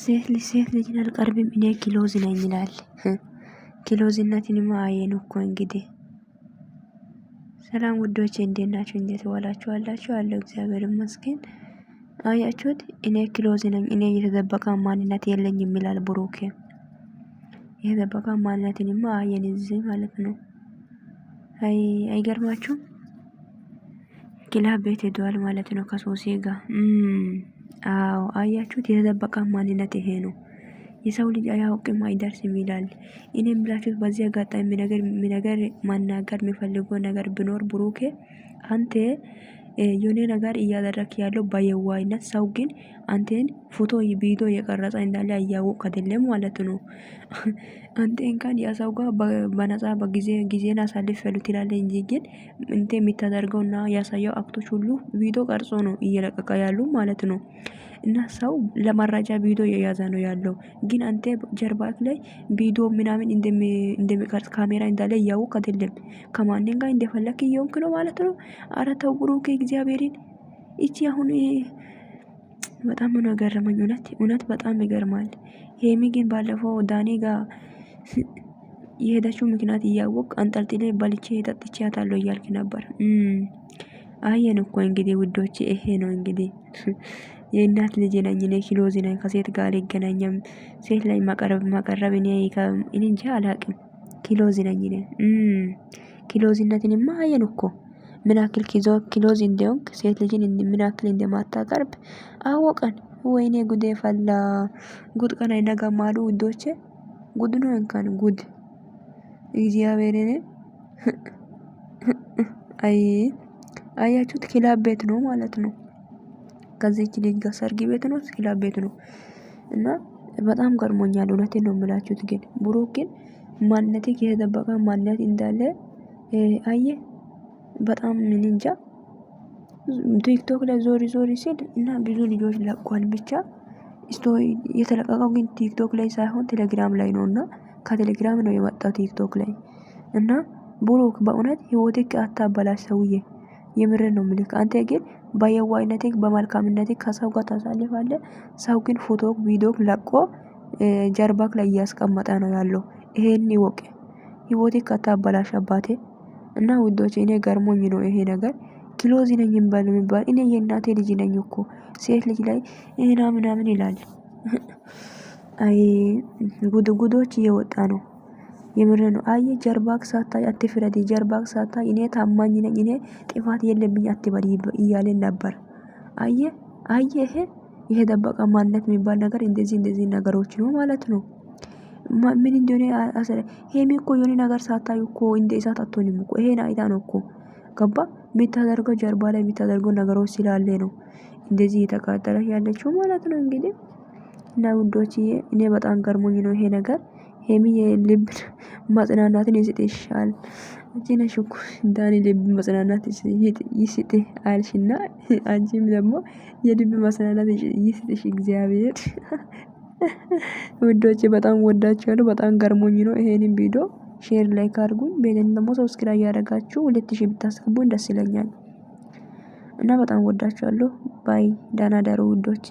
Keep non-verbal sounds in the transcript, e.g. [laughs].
ሴት ልጅ ሴት ልጅን አልቀርብም እኔ ኪሎዝ ነኝ ይላል። ኪሎዝነትንማ አየን እኮ እንግዲህ። ሰላም ውዶቼ እንዴት ናችሁ? እንዴት ዋላችሁ? አላችሁ አለው እግዚአብሔር ይመስገን። አያችሁት? እኔ ኪሎዝ ነኝ፣ እኔ የተደበቀ ማንነት የለኝም ይላል ብሩኬ። የተደበቀ ማንነትንማ አየን እዚህ ማለት ነው። አይገርማችሁም? ክላብ ቤት ሄደዋል ማለት ነው ከሶሴ ጋር ነው። አያችሁት? የተደበቀ ማንነት ይሄ ነው። የሰው ልጅ አያውቅም አይደርስም ይላል። እኔ ምላችሁት በዚህ አጋጣሚ ነገር ነገር ማናገር የሚፈልገው ነገር ብኖር ብሩኬ፣ አንተ የሆነ ነገር እያደረክ ያለው በየዋይነት ሰው ግን አንቴን ፎቶ ቪዲዮ የቀረጸ እንዳለ እያወቅ አይደለም ማለት ነው። አንቴን እንኳን ያ ሰው ጋር በነጻ በጊዜ ጊዜን አሳልፍ ፈሉት ይላለ እንጂ ግን እንቴ የሚታደርገው የምታደርገውና ያሳየው አክቶች ሁሉ ቪዲዮ ቀርጾ ነው እየለቀቀ ያሉ ማለት ነው። እና ሰው ለመረጃ ቪዲዮ እየያዘ ነው ያለው። ግን አንተ ጀርባክ ላይ ቪዲዮ ምናምን እንደሚቀርጽ ካሜራ እንዳለ እያወቅ አይደለም ከማንም ጋር እንደፈለክ እየሆንክ ነው ማለት ነው። አረ ተው ብሩኬ እግዚአብሔርን ይቺ አሁን በጣም ነው የገረመኝ እውነት እውነት በጣም ይገርማል። ሄሚ ግን ባለፈው ዳኔ ጋር የሄደችው ምክንያት እያወቅክ አንጠልጥሌ በልቼ ያታለው እያልክ ነበር። አየን እኮ እንግዲህ ውዶች፣ ይሄ ነው እንግዲህ የእናት ልጅ ነኝ እኔ ኪሎዝ ነኝ ከሴት ጋር አልገናኝም። ሴት ላይ ማቀረብ ማቀረብ እኔ እኔ እንጂ አላቅም። ኪሎዝ ነኝ እኔ ኪሎዝነትንማ የማያየን እኮ ምን አክል ኪዞ ኪሎዝ እንደሆንክ ሴት ልጅን ምን አክል እንደማታቀርብ አወቀን። ወይኔ ጉዴ ፈላ ጉድ ቀን አይነጋም አሉ ውዶቼ። ጉድ ነው እንካን ጉድ እግዚአብሔርን [laughs] አይ አያችሁት፣ ክላብ ቤት ነው ማለት ነው። ከዚች ልጅ ጋር ሰርግ ቤት ነው ስኪላ ቤት ነው እና በጣም ገርሞኛል። እውነቴን ነው የምላችሁት። ግን ብሩክ ግን ማንነት የተደበቀ ማንነት እንዳለ አየ። በጣም ምን እንጃ ቲክቶክ ላይ ዞሪ ዞሪ ሲል እና ብዙ ልጆች ለቋል። ብቻ ስቶ የተለቀቀው ግን ቲክቶክ ላይ ሳይሆን ቴሌግራም ላይ ነው እና ከቴሌግራም ነው የመጣው ቲክቶክ ላይ እና ብሩክ በእውነት ህይወትክ አታበላሽ ሰውዬ። የምርህን ነው ምልክ። አንተ ግን በየዋህነትህ በመልካምነትህ ከሰው ጋር ታሳልፋለህ። ሰው ግን ፎቶ ቪዲዮ ለቆ ጀርባክ ላይ እያስቀመጠ ነው ያለው። ይሄን ይወቅ። ህይወትህ አታበላሽ አባቴ። እና ውዶች፣ እኔ ገርሞኝ ነው ይሄ ነገር። ክሎዝ ነኝ እምበል የሚባል እኔ የእናቴ ልጅ ነኝ እኮ ሴት ልጅ ላይ እና ምናምን ይላል። አይ ጉድ ጉዶች እየወጣ ነው የምር ነው። አየ ጀርባክ ሳታይ አትፍረድ፣ ጀርባክ ሳታይ እኔ ታማኝ ነኝ፣ እኔ ጥፋት የለብኝ አትበል እያለን ነበር። አየ አየ ይሄ ይሄ ደበቀ ማንነት የሚባል ነገር እንደዚህ እንደዚህ ነገሮች ነው ማለት ነው። ምን እንደሆነ አሰረ ሄሚ እኮ የሆነ ነገር ሳታዩ እኮ እንደ እሳት አትሆንም እኮ ይሄን አይታ ነው እኮ ገባ የምታደርገው ጀርባ ላይ የምታደርገው ነገሮች ስላለ ነው እንደዚህ እየተቃጠለች ያለችው ማለት ነው እንግዲህ እና ውዶችዬ እኔ በጣም ገርሞኝ ነው ይሄ ነገር ሄሚዬ ልብ ይስጥ ይሻል አንቺነሽ እኮ ዳኒ ልብ ማጽናናት ይስጥህ አልሽና አንቺም ደግሞ የልብ ማጽናናት ይስጥሽ እግዚአብሔር። ውዶች በጣም ወዳችኋለሁ። በጣም ገርሞኝ ነው። ይሄንን ቪዲዮ ሼር ላይክ ካርጉኝ ቤተን ደግሞ ሰብስክራይብ ያደረጋችሁ ሁለት ሺህ ብታስገቡን ደስ ይለኛል። እና በጣም ወዳችኋለሁ። ባይ ዳና ደሩ ውዶቼ